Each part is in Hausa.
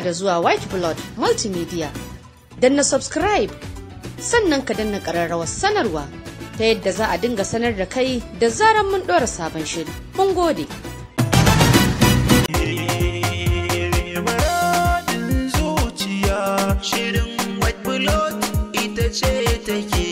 da zuwa white blood multimedia na subscribe sannan ka danna ƙararrawar sanarwa ta yadda za a dinga sanar da kai da zarar mun ɗora sabon shiri mun gode Shirin white blood ita ce take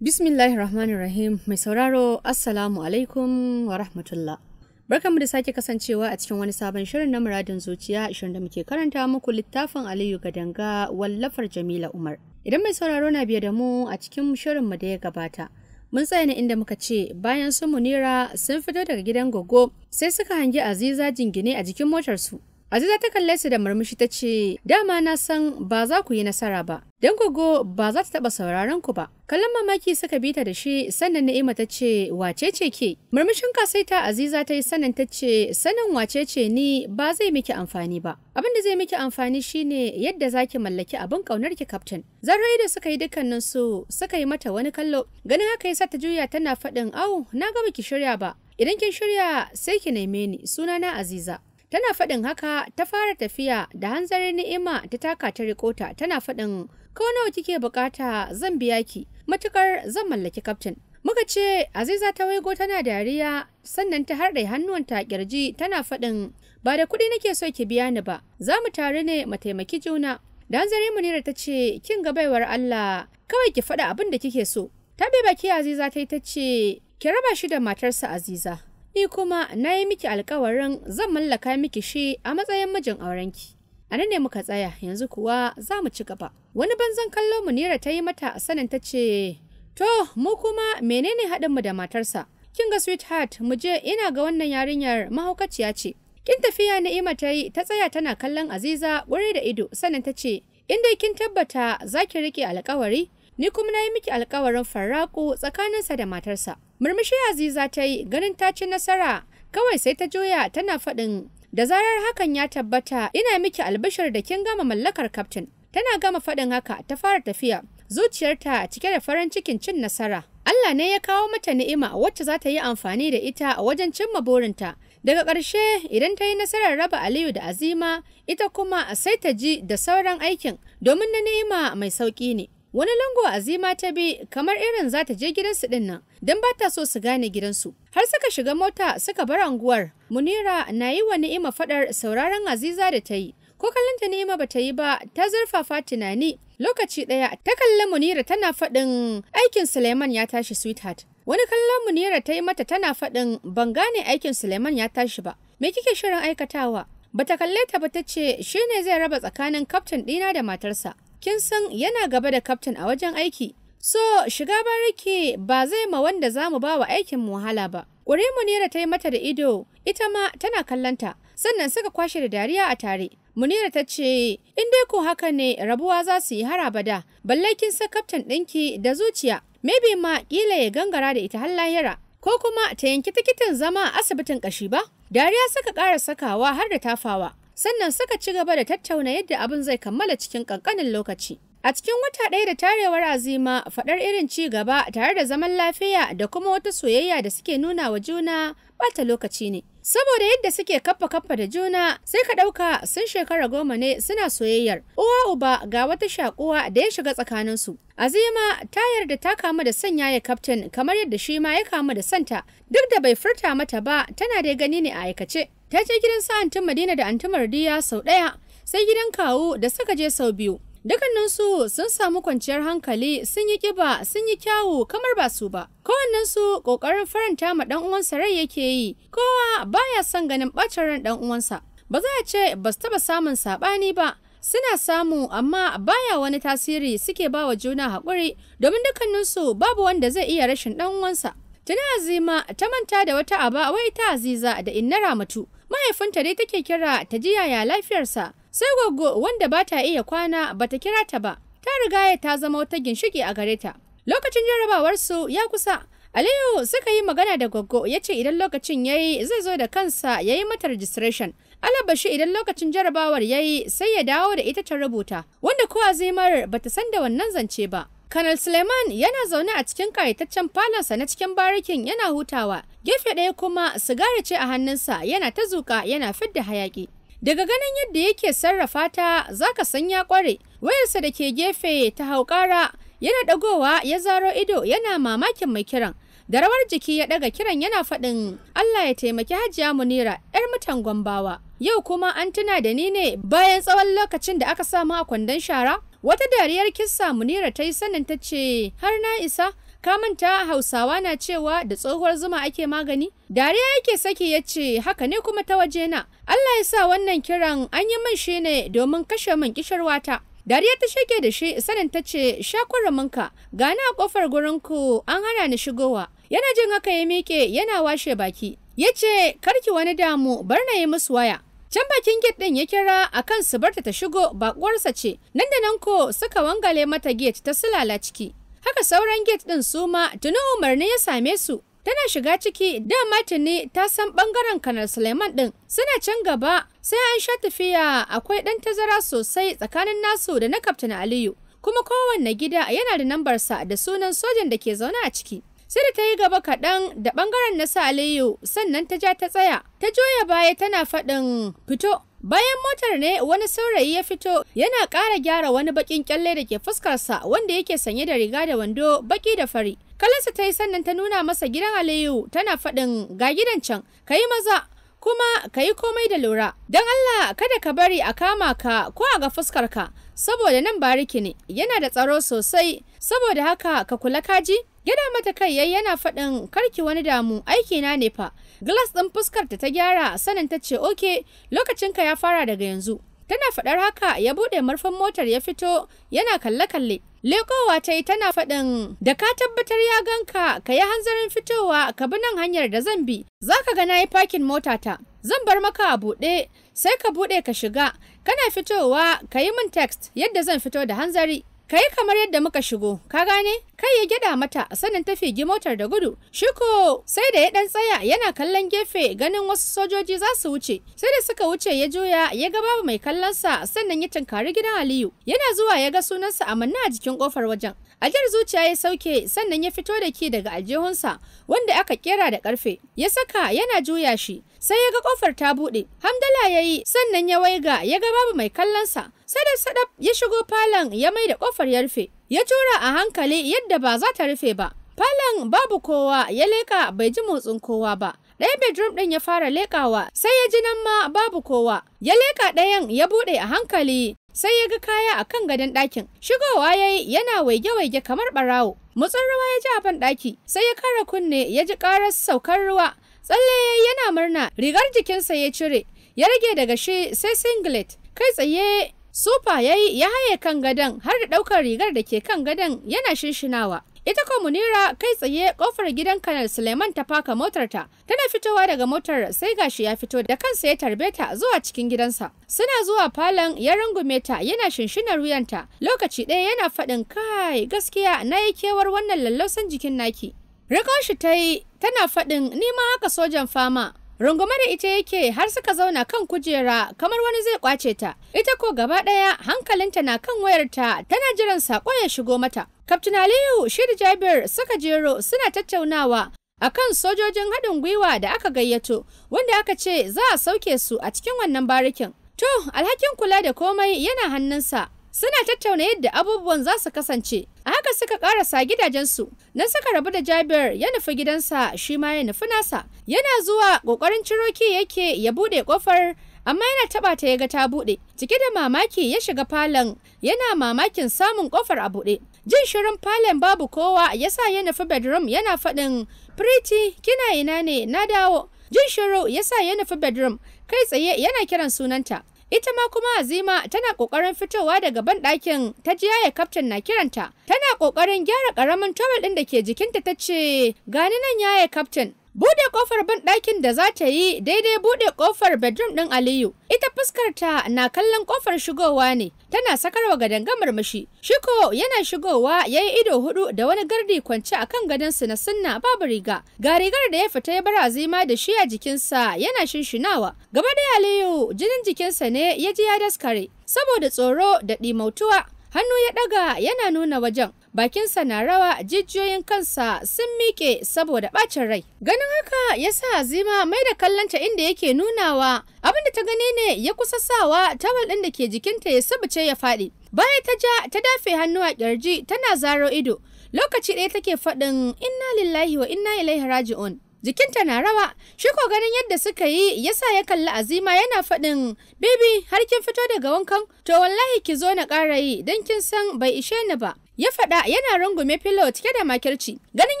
Bismillahirrahmanirrahim mai sauraro Assalamu alaikum wa rahmatullah. Barkanmu da sake kasancewa a cikin wani sabon shirin na muradin zuciya shirin da muke karanta muku littafin Aliyu Gadanga wallafar Jamila Umar. Idan mai sauraro na biye da mu a cikin shirin mu da ya gabata. Mun tsaya na inda muka ce bayan su Munira sun fito daga gidan gogo sai suka hangi Aziza jingine a jikin motarsu Aziza ta kalle su da murmushi ta ce, "Dama na san ba za ku yi nasara ba, don gogo ba za ta taɓa sauraron ku ba." Kallon mamaki suka bita da shi sannan Na'ima ta ce, "Wace ce ke?" Murmushin kasaita Aziza ta yi sannan ta ce, "Sanin wace ce ni ba zai miki amfani ba. Abin da zai miki amfani shine yadda za ki mallaki abin kaunar ki kaftin." Zarra da suka yi dukkanin su suka yi mata wani kallo, ganin haka yasa ta juya tana faɗin, "Au, na ga ki shirya ba." Idan kin shirya sai ki neme ni sunana Aziza. Tana faɗin haka ta fara tafiya da hanzarin ni'ima ta taka ta rikota tana faɗin ko nawa kike bukata zan biya ki matukar zan mallaki kaftin. Muka ce Aziza ta waigo tana dariya sannan ta harɗe ta kirji tana faɗin ba da kuɗi nake so ki biya ni ba za mu tare ne mu taimaki juna. Da hanzarin Munira ta ce kin ga baiwar Allah kawai ki faɗa abin da kike so. Ta bai baki Aziza ta yi ta ce ki raba shi da matarsa Aziza. ni kuma na yi miki alkawarin zan mallaka miki shi a matsayin mijin aurenki. A nan ne muka tsaya yanzu kuwa za mu ci gaba. Wani banzan kallo mu nera ta yi mata a sanin ta ce, To, mu kuma menene haɗinmu da matarsa? Kin ga sweetheart, mu je ina ga wannan yarinyar mahaukaciya ce. Kin tafiya Na'ima ta yi ta tsaya tana kallon Aziza wuri da ido sanin ta ce, In dai kin tabbata za ki riƙe alkawari, ni kuma na yi miki alkawarin farraƙo tsakaninsa da matarsa. Murmushi Aziza ta yi ganin ta ci nasara kawai sai ta juya tana faɗin da zarar hakan ya tabbata ina miki albishir da kin gama mallakar kaftin. Tana gama faɗin haka ta fara tafiya zuciyarta cike da farin cikin cin nasara. Allah ne ya kawo mata ni'ima wacce za ta yi amfani da ita a wajen cimma burinta. Daga ƙarshe idan ta yi nasarar raba Aliyu da Azima ita kuma sai ta ji da sauran aikin domin na ni'ima mai sauƙi ne. wani lango azima ta bi kamar irin za ta je gidansu din nan don ba ta so su gane gidansu har suka shiga mota suka bar anguwar munira na yi wa ni'ima fadar sauraron aziza da ta yi ko kallonta ni'ima ba ta yi ba ta zurfafa tunani lokaci ɗaya ta kalli munira tana faɗin aikin suleiman ya tashi sweetheart wani kallon munira ta yi mata tana faɗin ban gane aikin suleiman ya tashi ba me kike shirin aikatawa bata kalle ta ba ta ce shine zai raba tsakanin kaftin ɗina da matarsa kin san yana gaba da kaftin a wajen aiki. So, shiga bariki ba zai ma wanda za mu ba wa aikin mu wahala ba. Ƙure Munira ta yi mata da ido, ita ma tana kallanta, sannan suka kwashe da dariya a tare. Munira ta ce, in dai ko haka ne rabuwa za su yi harabada da. balle kin sa kaftan ɗinki da zuciya, maybe ma ƙila ya gangara da ita har lahira, ko kuma ta yanki tikitin zama a asibitin ƙashi ba? Dariya suka ƙara sakawa har da tafawa. sannan suka ci gaba da tattauna yadda abin zai kammala cikin ƙanƙanin lokaci. A cikin wata ɗaya da tarewar azima faɗar irin ci gaba tare da zaman lafiya da kuma wata soyayya da suke nuna wa juna ɓata lokaci ne. Saboda yadda suke kaffa kafa da juna sai ka ɗauka sun shekara goma ne suna soyayyar. Uwa uba ga wata shakuwa da ya shiga tsakaninsu. Azima ta yarda ta kamu da son ya kaftin kamar yadda shi ma ya kamu da santa duk da bai furta mata ba tana dai gani ne a aikace. Ta je gidan sa antin Madina da antin Mardiya sau ɗaya sai gidan kawu da suka je sau biyu. Dukkaninsu sun samu kwanciyar hankali sun yi ƙiba sun yi kyawu kamar ba su ba. Kowannensu ƙoƙarin faranta ma ɗan uwansa rai yake yi, kowa baya son ganin ɓacin ran ɗan uwansa. Ba za a ce ba su taɓa samun saɓani ba, suna samu amma baya wani tasiri suke ba wa juna haƙuri domin dukkaninsu babu wanda zai iya rashin ɗan uwansa. Tana Azima ta manta da wata aba wai ta Aziza da Inna Ramatu. Mahaifinta dai take kira ta ji yaya lafiyarsa. sai goggo wanda ba ta iya kwana ba ta kira ta ba ta riga rigaya ta zama wata ginshiki a gare ta lokacin jarabawarsu ya kusa aliyu suka yi magana da goggo ya ce idan lokacin ya yi zai zo da kansa ya yi mata registration alabashi idan lokacin jarabawar ya yi sai ya dawo da ita ta rubuta wanda ko azimar ba ta san da wannan zance ba Kanal Suleiman yana zaune a cikin kayataccen falonsa na cikin barikin yana hutawa, gefe ɗaya kuma sigari ce a hannunsa yana ta zuƙa yana fidda hayaƙi. Daga ganin yadda yake sarrafa ta za ka san ya ƙware, wayarsa da ke gefe ta ƙara. yana ɗagowa ya zaro ido yana mamakin mai kiran. Da rawar jiki ya ɗaga kiran yana faɗin Allah ya taimaki Hajiya Munira 'yar mutan Gwambawa. Yau kuma an tuna da ni ne bayan tsawon lokacin da aka samu a kwandon shara? Wata dariyar kissa Munira ta yi sanin ta ce har na isa ka manta hausawa na cewa da tsohuwar zuma ake magani dariya yake saki ya ce haka ne kuma ta waje na allah ya sa wannan kiran an yi min shi ne domin kashe min kishirwata dariya ta shaike da shi sanin ta ce minka gani a kofar gurinku an hana ni shigowa yana jin haka ya miƙe yana washe baki ya ce karki wani damu bar na yi musu waya can bakin gate din ya kira a kan su barta ta shigo bakuwarsa ce nan da nan ko suka wangale mata gate ta sulala ciki Haka sauran gate ɗin su ma tuni umarni ya same su. Tana shiga ciki da tuni ta san ɓangaren kanar Suleiman ɗin suna can gaba sai an sha tafiya akwai ɗan tazara sosai tsakanin nasu da na Kaftin Aliyu. Kuma kowanne gida yana da nambarsa da sunan sojan da ke zaune a ciki. sai da ta yi gaba kaɗan da bangaren na Aliyu sannan ta ja ta tsaya ta juya baya tana faɗin fito Bayan motar ne wani saurayi ya fito yana ƙara gyara wani bakin kyalle da ke fuskarsa wanda yake sanye da riga da wando baki da fari. Kalasa ta yi sannan ta nuna masa gidan Aliyu tana faɗin ga gidan can ka yi maza kuma ka yi komai da lura. Don Allah kada ka bari a kama ka ko a ga fuskar ka. saboda nan bariki ne yana da tsaro sosai saboda haka ka kula kaji. Gyada mata kai yayi yana faɗin karki wani damu aiki na ne fa. Glass ɗin fuskarta ta gyara sanin ta ce oke lokacinka ya fara daga yanzu. Tana faɗar haka ya buɗe murfin motar ya fito yana kalle-kalle. Lekowa ta yi tana faɗin da ka tabbatar ya ganka ka yi hanzarin fitowa ka bi nan hanyar da zan bi. Za ka ga na yi fakin motata. Zan bar maka a buɗe sai ka buɗe ka shiga. Kana fitowa ka yi min text yadda zan fito da hanzari. ka kamar yadda muka shigo ka gane kai ya gyada mata sanin ta gi motar da gudu shiko sai da ya dan tsaya yana kallon gefe ganin wasu sojoji za su wuce sai da suka wuce ya juya ya ga babu mai kallonsa sannan ya tunkari gidan aliyu yana zuwa ya ga sunansa a manna a jikin kofar wajen ajiyar zuciya ya sauke sannan ya fito da ki daga aljihunsa wanda aka kera da karfe ya saka yana juya shi sai ya ga kofar ta buɗe hamdala ya yi sannan ya waiga ya ga babu mai kallonsa sadaf sadaf ya shigo falon ya mai da kofar ya rufe ya tura a hankali yadda ba za ta rufe ba falon babu kowa ya leka bai ji motsin kowa ba ɗaya bedroom ɗin ya fara lekawa sai ya ji nan ma babu kowa ya leka ɗayan ya buɗe a hankali sai ya ga kaya a kan gadon ɗakin shigowa ya yi yana waige-waige kamar ɓarawo mutsin ruwa ya ji a ban ɗaki sai ya kara kunne ya ji ƙarar saukar ruwa tsalle ya yana murna rigar jikinsa ya cire ya rage daga shi sai singlet kai tsaye Supa ya yi ya haye kan gadon har da ɗaukar rigar da ke kan gadon yana shinshinawa. Ita ko Munira kai tsaye kofar gidan Kanal Suleiman ta faka motarta. Tana fitowa daga motar sai gashi ya fito da kansa ya tarbe ta zuwa cikin gidansa. Suna zuwa falon ya rungume ta yana shinshinar wuyanta. Lokaci ɗaya yana faɗin kai gaskiya na yi kewar wannan lallausan jikin naki. Rikon shi ta yi tana faɗin ni ma haka sojan fama. rungume da ita yake har suka zauna kan kujera kamar wani zai kwace ta ita ko gaba ɗaya hankalinta na kan wayarta tana jiran saƙo ya shigo mata kaftin aliyu shi jabir suka jero suna tattaunawa akan sojojin haɗin gwiwa da aka gayyato wanda aka ce za a sauke su a cikin wannan barikin to alhakin kula da komai yana hannunsa suna tattauna yadda abubuwan za su kasance a haka suka karasa gidajensu na suka rabu da jabir ya nufi gidansa shi ma ya nufi nasa yana zuwa kokarin ciroki yake ya bude kofar amma yana taba ta ya ga ta bude cike da mamaki ya shiga falon yana mamakin samun kofar a bude jin shirin falon babu kowa yasa ya nufi bedroom yana faɗin pretty kina ina ne na dawo jin shiru yasa ya nufi bedroom kai tsaye yana kiran sunanta Ita ma kuma Azima tana kokarin fitowa daga banɗakin ta ji yaya kaftan na kiranta. Tana kokarin gyara karamin towel ɗin da ke jikinta ta ce, "Gani nan yaya kaftan Bude kofar ban ɗakin da za ta yi daidai bude kofar bedroom ɗin Aliyu. Ita fuskarta na kallon kofar shigowa ne, tana sakarwa ga dangamar Shiko yana shigowa ya yi ido hudu da wani gardi kwance a kan gadonsu na sunna babu riga. Ga rigar da ya fita ya bar azima da shi a jikinsa yana shinshinawa. Gaba da Aliyu jinin jikinsa ne ya ji ya daskare saboda tsoro da ɗimautuwa. Hannu ya ɗaga yana nuna wajen. bakinsa na rawa jijiyoyin kansa sun miƙe saboda ɓacin rai ganin haka ya sa azima mai da kallonta inda yake nunawa abin da ta gani ne ya kusa sawa tawal ɗin da ke jikinta ya sabuce ya faɗi baya ta ja ta dafe hannu a ƙirji tana zaro ido lokaci ɗaya take faɗin inna lillahi wa inna ilaihi raji'un jikinta na rawa shi ko ganin yadda suka yi ya sa ya kalli azima yana faɗin bibi har kin fito daga wankan to wallahi ki zo na ƙara yi don kin san bai ishe ni ba ya faɗa yana rungume filo cike da makirci ganin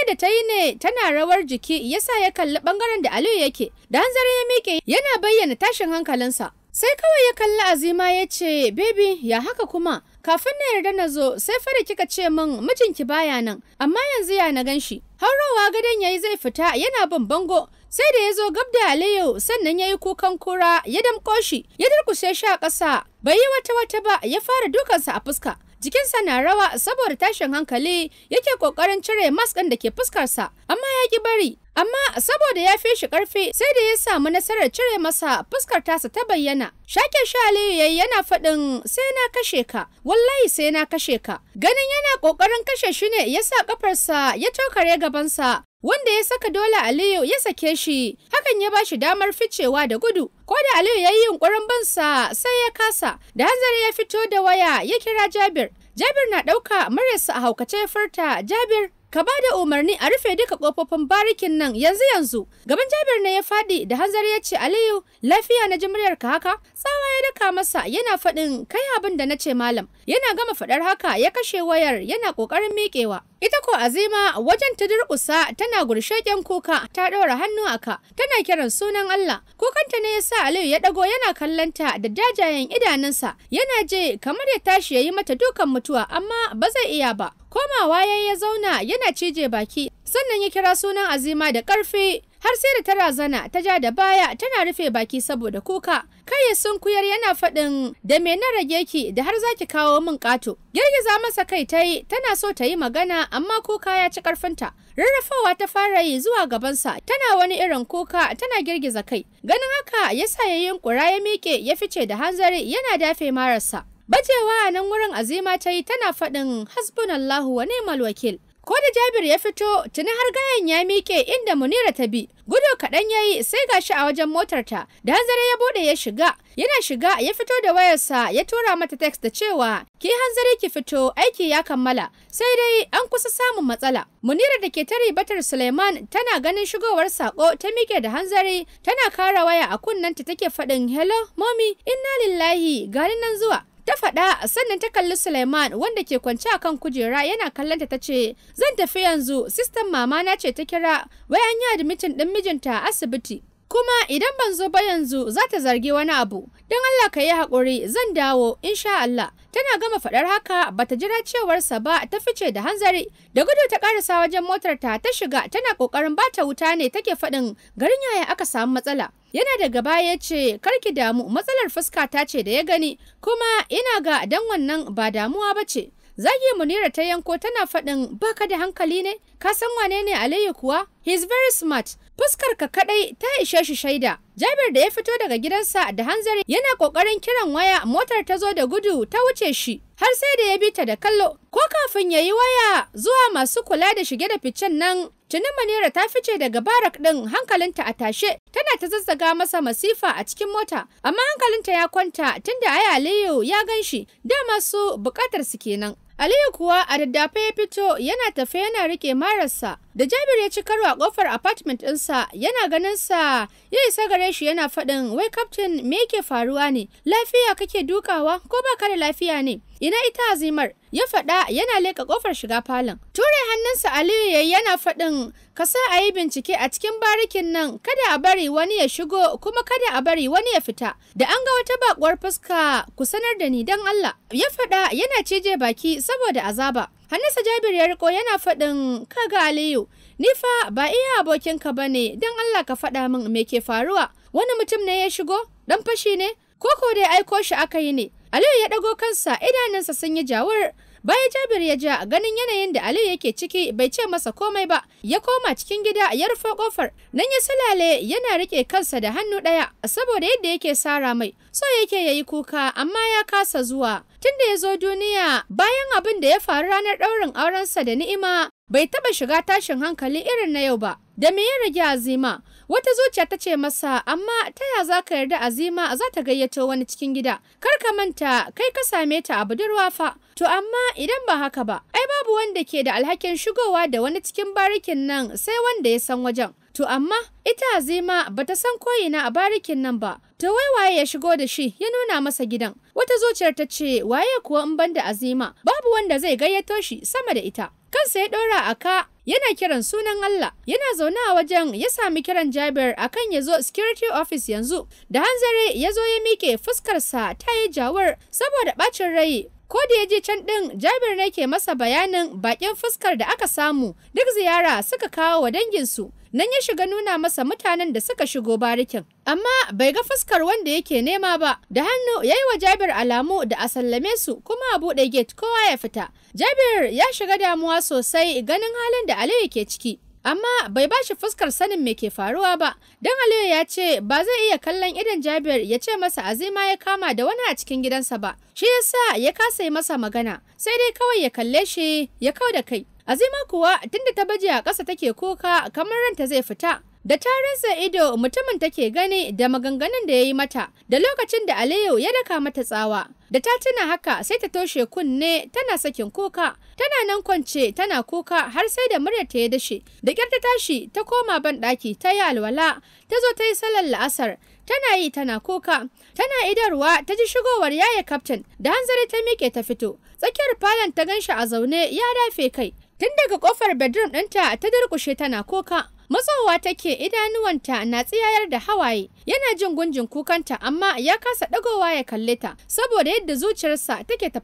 yadda ta yi ne tana rawar jiki yasa ya kalli ɓangaren da aliyu yake da hanzarin ya miƙe yana bayyana tashin hankalinsa sai kawai ya kalli azima ya ce bebi ya haka kuma kafin na yarda na zo sai fara kika ce min mijinki baya nan amma yanzu ya na gan shi haurawa gadon yayi zai fita yana bin bango sai da ya zo gab da aliyu sannan ya yi kukan kura ya damƙo shi ya durkushe shi a ƙasa bai yi wata wata ba ya fara dukansa a fuska jikinsa na rawa saboda tashin hankali yake kokarin cire maskin da ke fuskarsa amma ya ki bari amma saboda ya fi shi karfi sai da ya samu nasarar cire masa fuskar tasa ta bayyana shake shi aliyu yayi yana faɗin sai na kashe ka wallahi sai na kashe ka ganin yana ƙoƙarin kashe shi ne ya sa ƙafarsa ya tokare gabansa wanda ya saka dole Aliyu ya sake shi hakan ya bashi damar ficewa da gudu ko da Aliyu ya yi yunkurin bansa sai ya kasa da hanzari ya fito da waya ya kira Jabir Jabir na ɗauka marasa a haukace ya furta Jabir ka ba da umarni a rufe duka kofofin barikin nan yanzu yanzu gaban jabir ne ya faɗi da hanzari ya ce aliyu lafiya na jimriyar ka haka tsawa ya daka masa yana faɗin kai abin da na ce malam yana gama faɗar haka ya kashe wayar yana ƙoƙarin miƙewa Ita ko Azima wajen ta durƙusa tana gurshaƙen kuka ta ɗora hannu a ka tana kiran sunan Allah. Kukanta ne ya sa Aliyu ya ɗago yana kallanta da jajayen idanunsa yana je kamar ya tashi ya yi mata dukan mutuwa amma ba zai iya ba. Komawa ya ya zauna yana cije baki sannan ya kira sunan Azima da ƙarfi har sai da ta razana ta ja da baya tana rufe baki saboda kuka kai sun kuyar yana faɗin da me na rage ki da har zaki kawo min ƙato girgiza masa kai ta yi tana so ta yi magana amma kuka ya ci ƙarfinta rarrafawa ta fara yi zuwa gabansa tana wani irin kuka tana girgiza kai ganin haka ya sa ya yunkura ya miƙe ya fice da hanzari yana dafe mararsa bajewa a nan wurin azima ta yi tana faɗin hasbunallahu wa ni'mal wakil Ko da Jabir ya fito, tuni har gayan ya miƙe inda Munira ta bi. Gudu kaɗan ya yi sai gashi a wajen motarta, da hanzari ya buɗe ya shiga. Yana shiga ya fito da wayarsa ya tura mata text da cewa, ki hanzari ki fito aiki ya kammala, sai dai an kusa samun matsala. Munira da ke tari batar Suleiman tana ganin shigowar sako ta miƙe da hanzari, tana kara waya a kunnanta take faɗin hello mommy inna lillahi ga nan zuwa. ta faɗa sannan ta kalli Suleiman wanda ke kwance a kan kujera yana kallonta ta ce zan tafi yanzu sistan mama na ce ta kira wai an yi admitin ɗin mijinta a asibiti kuma idan ban zo ba yanzu za ta zargi wani abu don Allah ka yi haƙuri zan dawo insha Allah tana gama faɗar haka ba ta jira cewarsa ba ta fice da hanzari da gudu ta ƙarasa wajen motar ta ta shiga tana ƙoƙarin bata wuta ne take faɗin garin yaya aka samu matsala yana daga baya ya ce karki damu matsalar fuska ta ce da ya gani kuma ina ga dan wannan ba damuwa ba ce Zagi Munira ta yanko tana faɗin baka da hankali ne, ka san wane ne Aliyu kuwa? He's very smart. Fuskar ka kadai ta ishe shi shaida. Jabir da ya fito daga gidansa da hanzari yana kokarin kiran waya motar ta zo da gudu ta wuce shi har sai da ya bi ta da kallo ko kafin ya yi waya zuwa masu kula da shige da ficen nan Tuni Manira ta fice daga barak ɗin hankalinta a tashe tana ta zazzaga masa masifa a cikin mota amma hankalinta ya kwanta tunda aya Aliyu ya gan shi dama su bukatar su kenan. Aliyu kuwa a daddafe ya fito yana tafe yana riƙe mararsa. Da Jabir ya ci karo a kofar apartment ɗinsa yana ganin sa ya isa gare shi yana faɗin wai kaftin me yake faruwa ne lafiya kake dukawa ko ba ka da lafiya ne ina ita azimar ya faɗa yana leka kofar shiga falon. Ture hannunsa Aliyu yayi yana faɗin ka sa a yi bincike a cikin barikin nan kada a bari wani ya shigo kuma kada a bari wani ya fita da an ga wata bakuwar fuska ku sanar da ni don Allah ya faɗa yana cije baki saboda azaba. Hannasa Jabir ya riko yana faɗin kaga Aliyu ni fa ba iya abokinka ba ne don Allah ka faɗa min me ke faruwa wani mutum ne ya shigo dan fashi ne ko ko dai aiko shi aka yi ne Aliyu ya ɗago kansa idanunsa sun yi jawar Bayan Jabir ya ja ganin yanayin da Aliyu yake ciki bai ce masa komai ba, ya koma cikin gida ya rufe kofar. Nan ya sulale yana rike kansa da hannu ɗaya saboda yadda yake sara mai. So yake yayi kuka amma ya kasa zuwa. tun da ya zo duniya bayan abin da ya faru ranar ɗaurin aurensa da ni'ima bai taɓa shiga tashin hankali irin na yau ba da me ya rage azima Wata zuciya ta ce masa, amma ta ya za ka yarda azima za ta gayyato wani cikin gida, kar ka manta kai ka same ta a budurwa fa. To amma idan ba haka ba, ai babu wanda ke da alhakin shigowa da wani cikin barikin nan sai wanda ya san wajen. To amma ita azima ba ta san koyina a barikin nan ba, to wai waye ya shigo da shi ya nuna masa gidan. Wata zuciyar ta ce waye kuwa in ban da azima babu wanda zai gayyato shi sama da ita. kansa ya ɗora a ka yana kiran sunan Allah yana zaune a wajen ya sami kiran Jabir akan ya zo security office yanzu da hanzari ya zo ya miƙe fuskarsa ta yi jawar saboda ɓacin rai ko da ya je can ɗin Jabir ne ke masa bayanin bakin fuskar da aka samu duk ziyara suka kawo wa danginsu nan ya shiga nuna masa mutanen da suka shigo barikin amma bai ga fuskar wanda yake nema ba da hannu ya yi wa jabir alamu da a sallame su kuma a buɗe gate kowa ya fita jabir ya shiga damuwa sosai ganin halin da aliyu ke ciki amma bai ba shi fuskar sanin me ke faruwa ba don aliyu ya ce ba zai iya kallon idan jabir ya ce masa azima ya kama da wani a cikin gidansa ba shi yasa ya kasa yi masa magana sai dai kawai ya kalle shi ya kau da kai Azima kuwa tunda ta baje a ƙasa take kuka kamar ranta zai fita. Da tarinsa ido mutumin take gani da maganganun da ya yi mata da lokacin da Aliyu ya daka mata tsawa. Da ta tuna haka sai ta toshe kunne tana sakin kuka, tana nan kwance tana kuka har sai da murya ta ya dashe. Da ƙyar ta tashi ta koma ban ɗaki ta yi alwala, ta zo ta yi sallar la'asar. Tana yi tana kuka, tana idarwa ta ji shigowar yaye kaftin da hanzari ta miƙe ta fito. Tsakiyar falon ta ganshi a zaune ya dafe kai. tun daga kofar bedroom ɗinta ta durkushe tana kuka matsowa take idanuwanta na tsiyayar da hawaye yana jin gunjin kukanta amma ya kasa dagowa ya kalle ta saboda yadda zuciyarsa take ta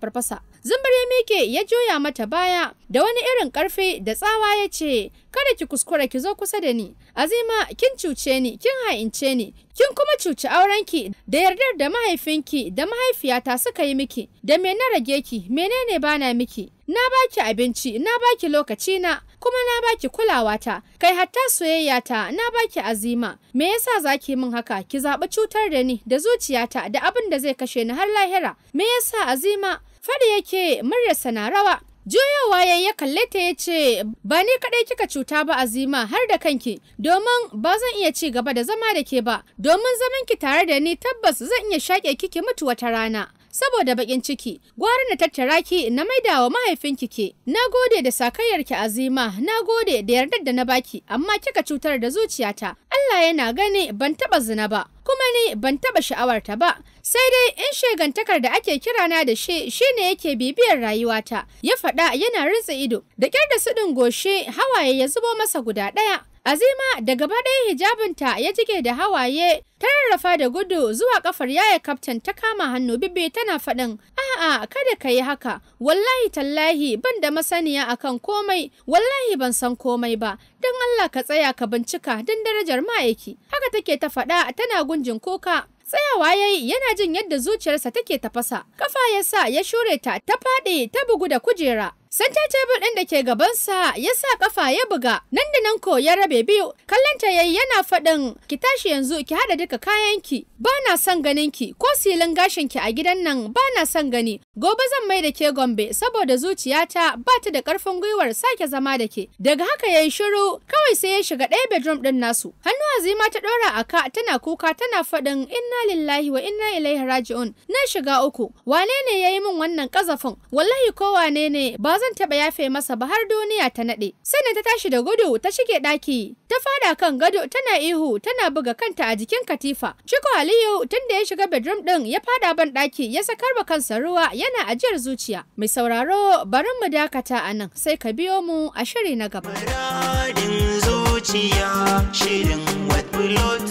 Zumbar ya mike ya juya mata baya da wani irin karfi da tsawa ya ce, Kada ki kuskura ki zo kusa da ni, Azima kin cuce ni, kin ha'ince ni, kin kuma cuci aurenki da yardar da mahaifinki da mahaifiyata suka yi miki, da me na rage ki, menene bana miki. Na baki abinci, na baki lokaci na, kuma na baki kulawata, kai hatta soyayyata, na baki azima. Me yasa zaki min haka? Ki zaɓi cutar da ni, da zuciyata, da abin da zai kashe ni har lahira. Me yasa azima? Fari yake muryarsa na rawa. Juyowa ya ya kalle ta ya ce, Ba ni kaɗai kika cuta ba azima har da kanki, domin ba zan iya ci gaba da zama da ke ba, domin zaman ki tare da ni tabbas zan iya shaƙe kiki mutu wata rana. saboda bakin ciki gwara na tattara ki na maida wa mahaifinki ke na gode da sakayyar ki azima na gode da yardar da na baki amma kika cutar da zuciyata Allah yana gani ban taba zina ba kuma ni ban taba sha'awarta ba sai dai in shegantakar da ake kirana da shi shine yake bibiyar rayuwata ya faɗa yana rintsa ido da kyar da suɗin goshi hawaye ya zubo masa guda ɗaya Azima da gaba ɗaya hijabinta ya jige da hawaye ta rarrafa da gudu zuwa kafar yaya kaftan ta kama hannu bibi tana faɗin a'a kada ka yi haka wallahi tallahi ban da masaniya akan komai wallahi ban san komai ba don Allah ka tsaya ka bincika don darajar ma'aiki haka take ta faɗa tana gunjin kuka tsayawa yayi yana jin yadda zuciyarsa take tafasa kafa yasa ya shure ta ta faɗi ta bugu da kujera Santa table ɗin da ke gabansa ya sa ƙafa ya buga, nan da nan ko ya rabe biyu, kallonta yayi yana faɗin ki tashi yanzu ki haɗa duka kayanki, ba na son ganin ki ko silin gashin ki a gidan nan ba na son gani, gobe zan mai da ke gombe saboda zuciyata ba ta da ƙarfin gwiwar sake zama da ke. Daga haka ya yi shiru kawai sai ya shiga ɗaya bedroom ɗin nasu. Hannu azima ta ɗora a ka tana kuka tana faɗin inna lillahi wa inna ilaihi raji'un na shiga uku. Wane ne ya yi min wannan ƙazafin? Wallahi ko wane ne ba zan zan taɓa yafe masa ba har duniya ta naɗe. Sannan ta tashi da gudu ta shige ɗaki. Ta fada kan gado tana ihu tana buga kanta a jikin katifa. Ciko Aliyu tunda ya shiga bedroom ɗin ya fada ban ɗaki ya sakar wa kansa ruwa yana ajiyar zuciya. Mai sauraro bari mu dakata a nan sai ka biyo mu a shiri na gaba. shirin wet